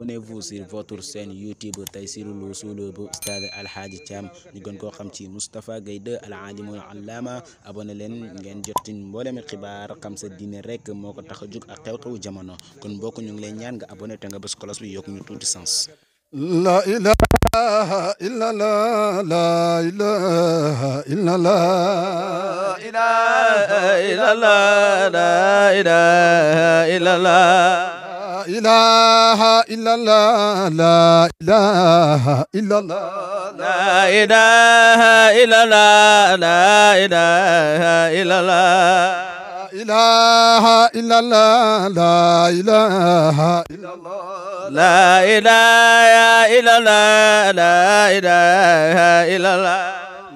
Abonnez-vous sur votre chaîne YouTube Taysiroul Wousoul bu Oustaz Alhaji Thiam ñu gën koo xam ci Moustapha Gueye 2 al alimul allama abonné leen ngeen jotin mboolemi xibaar xam sa diine rek moo ko tax a jóg ak xew-xewu jamono kon mbokk ñu ngi lay ñaan nga abonné te nga bés kolos bi yokk ñu tuuti sens la la la لا إله إلا الله لا إله إلا الله لا إله إلا الله لا إله إلا الله إله إلا الله لا إله إلا الله لا إله إلا الله لا إله إلا الله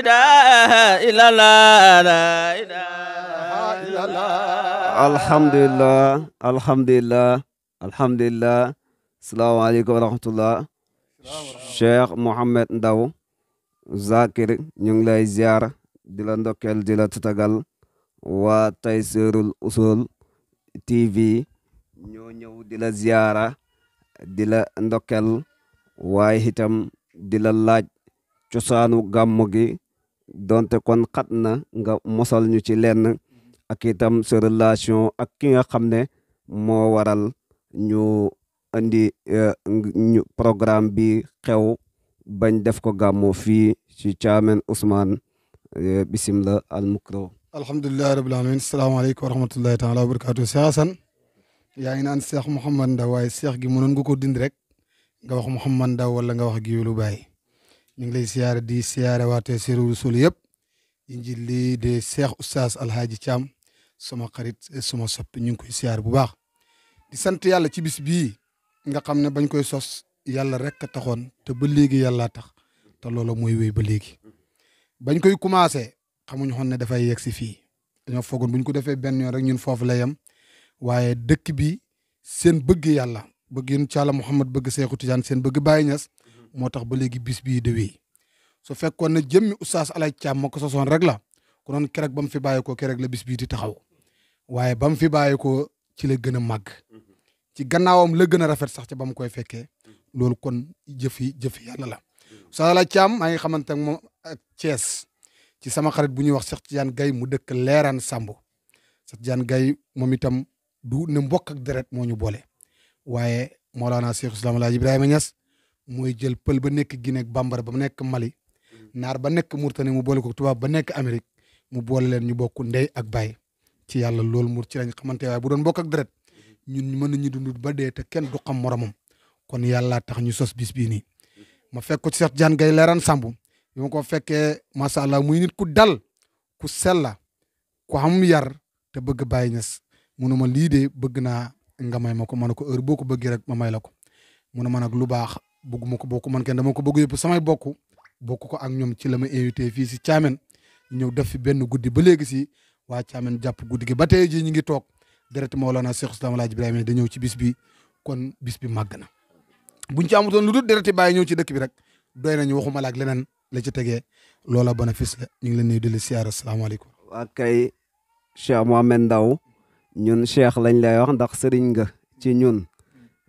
ilaha illallah alhamdulillah alhamdulillah alhamdulillah salaamaaleykum wa rahmatullah Cheikh Mouhamed Ndaw Zakir ñu ngi lay ziar di la ndokkeel di la tatagal waa Taysiroul Ousoul TV ñoo ñëw di la ziara di la ndokkeel waaye itam di la laaj cosaanu gàmmu gi donte kon xat na nga mosol ñu ci lenn ak itam sa relation ak ki nga xam ne moo waral ñu indi eh, ñu programme bi xew bañ def ko gàmmu fii ci Thiamène Ousmane eh, bisimilah al mukro alhamdulilahi rabbil alamin salaamaaleykum wa rahmatullahi taala wa barakatu Cheikh yaa ngi naan Cheikh Mouhamad Ndaw waaye seex gi mënoon nga ko dindi rek nga wax Mouhamad nda wala nga wax gi Guiyoulou Baye ñu ngi lay siyaare di siyaare waatee Sérérou Soul yëpp di nji lii de Cheikh Oustaz Alhaji sama xarit sama soppi ñu ngi koy siyaare bu baax. di sant yàlla cibis bis bii nga xam ne bañ koy sos yàlla rek a taxoon te ba léegi yàlla tax te loola mooy wéy ba léegi. bañ koy commencé xamuñ xoon ne dafay yegg si fii dañoo foogoon buñ ko defee benn yoon rek ñun foofu la yem waaye dëkk bi seen bëgg yàlla bëgg yéen Thiala Mouhamed bëgg Cheikhou Tidiane seen bëgg Baye Niass. moo tax ba léegi bis bii di su fekkoon ne jëmmi oustaz Alay Caam moo ko sosoon rek la konoon kerek ba mu fi bàyyi ko kerek la bis bii di taxaw waaye ba mu fi bàyyi ko ci la gën a màgg ci gannaawam la gën a rafet sax ci ba mu koy fekkee loolu kon jëfi jëfi yàlla la oustaz Alay Caam maa ngi xamante ak moom ak Thiès ci sama xarit bu ñuy wax sax Tidiane Gaye mu dëkk Leeraan Samb Cheikh Tidiane Gaye moom itam du ne mbokk ak deret moo ñu boole waaye Mawlaana Cheikh Islam Alaaji Ibrahima Niass mooy jël pël ba nekk Guinée bambara ba nekk Mali mm. naar ba nekk Mauritanie mu boole ko tubaab ba nekk Amérique mu boole leen ñu bokku ndee ak bay ci yàlla loolu mu ci lañ xamante waaye bu doon bokk ak deret ñun mën nañu dund ba dee te kenn du xam moromam kon yàlla tax ñu sos bis bii nii. ma fekk ko ci Cheikh Diagne Gaye Leeraan Samb bi ko fekkee macha allah muy nit ku dal ku sella ku am yar te bëgg Baye Niass munu ma lii de bëgg naa nga may ma ko ma ne ko heure boo ko bëggee rek ma may la ko munu ma nag lu bëgguma ko bokk man kenn dama ko bëgg yëpp samay bokk bokk ko ak ñoom ci la ma invité fii si Thiamène ñëw def fi benn guddi ba léegi si waa Thiamène jàpp guddi gi ba tey jii ñu ngi toog deret Mawlana Cheikh Islam Alhaji Ibrahima da ñëw ci bis bi kon bis bi màgg na buñ ci amutoon lu dul dereti bàyyi ñëw ci dëkk bi rek doy nañu waxumala leneen la ci tegee loola bénéfice la ñu ngi leen nuyu di la siyaar asalaamaaleykum. waa kay Cheikh Ndaw ñun Cheikh lañ lay wax ndax sëriñ nga ci ñun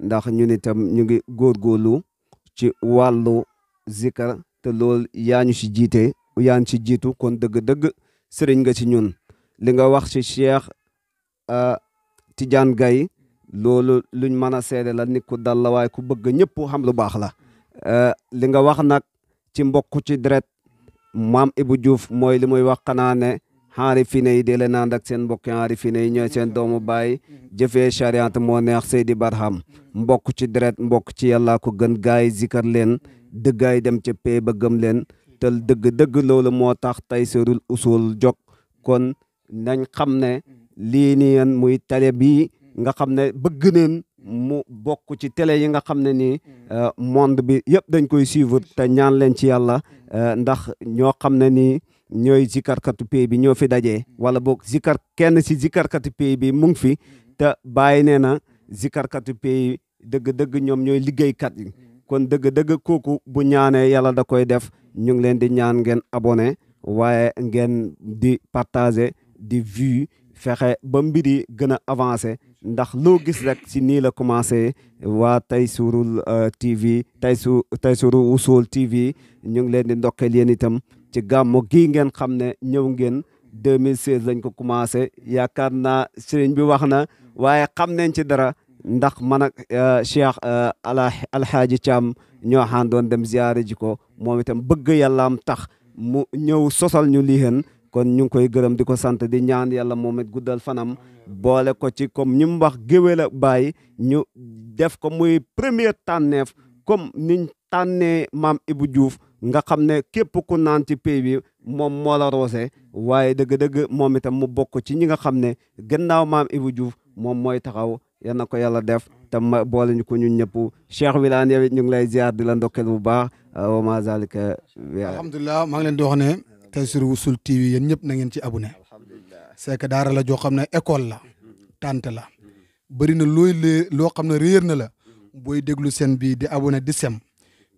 ndax ñun itam ñu ngi góorgóorlu ci wàllu zikar te lool yaa ñu ci jiite yaa ñu ci jiitu kon dëgg-dëgg sëriñ nga ci ñun li nga wax ci Cheikh euh, Tidiane gay loolu luñ mën a seede la nit ku dal la ku bëgg ñëpp xam lu baax la euh, li nga wax nag ci mbokk ci deret maam Ibou Diouf mooy li muy wax xanaa xaarifine yi di leen ànd ak seen mbokki xaarifine yi ñooy seen mm-hmm. doomu baay mm-hmm. jëfee chariat moo neex Seydi Barham mm-hmm. mbokk ci deret mbokk ci yàllaa ko gën gaay zikar leen dëggaay dem ca pee ba gëm leen tel dëgg dëgg loolu moo tax tey serul usul jog kon nañ xam ne lii nii muy tele bi nga xam ne bëgg neen mu bokk ci tele yi nga xam ne nii euh, monde bi yëpp dañ koy suivre te ñaan leen ci yàlla euh, ndax ñoo xam ne nii ñooy zikarkatu pay bi ñoo fi dajee mm. wala boog zikar kenn si zikarkatu pay bi mu ngi fi mm. te bàyyi nee na zikarkatu pay dëgg-dëgg ñoom ñooy liggéeykat yi mm. kon dëgg-dëgg kooku bu ñaanee yàlla da koy def ñu ngi leen di ñaan ngeen abone waaye ngeen di partager di vue fexe ba mbir yi gën a avancé ndax loo gis rek si nii la commencé waa Taysiroul euh, TV Taysiroul Taysiroul Wousoul TV ñu ngi leen di ndokkeel yéen itam ci gàmmu gii ngeen xam ne ñëw ngeen 2016 lañ ko commencé yaakaar naa sëriñ bi wax na waaye xam nañ ci dara ndax man ak euh, Cheikh euh, Alhaaji Thiam ñoo doon dem ziyaare ji ko moom itam bëgg yàllaam tax mu ñëw sosal ñu lii kon ñu ngi koy gërëm di ko sant di ñaan yàlla moom it guddal fanam boole ko ci comme ñi mu wax géwél a bàyyi ñu def ko muy premier tànneef comme niñ tànnee maam Ibou Diouf nga xam ne képp ku naan ci pay bi moom moo la roose waaye dëgg-dëgg moom itam mu bokk ci ñi nga xam ne gannaaw maam Ibou Diouf moom mooy taxaw yal na ko yàlla def te ma boole ñu ko ñun ñëpp Cheikh Wilane yow it ñu ngi lay ziar di la ndokkeel bu baax wa ma zalika alhamdulilah maa ngi leen di wax ne Taysiroul Wousoul TV yéen ñëpp nangeen ci abune c'est que daara la joo xam ne école la tante la bari na looy loo xam ne réer na la mm-hmm. booy déglu seen bi di abonné di sem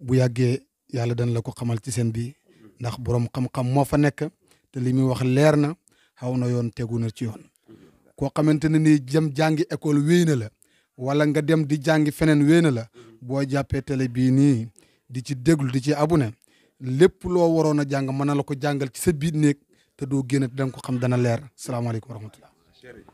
bu yàggee yàlla dana la ko xamal ci seen bi ndax borom xam-xam moo fa nekk te li muy wax leer na xaw na yoon tegu na ci yoon koo xamante ne nii jëm jàngi école wéy la wala nga dem di jàngi feneen wéy la boo jàppee télé bii nii di ci déglu di ci abonné lépp loo waroon a jàng mën na la ko jàngal ci sa biir néeg te doo génn danga ko xam dana leer salaamaaleykum wa rahmatullah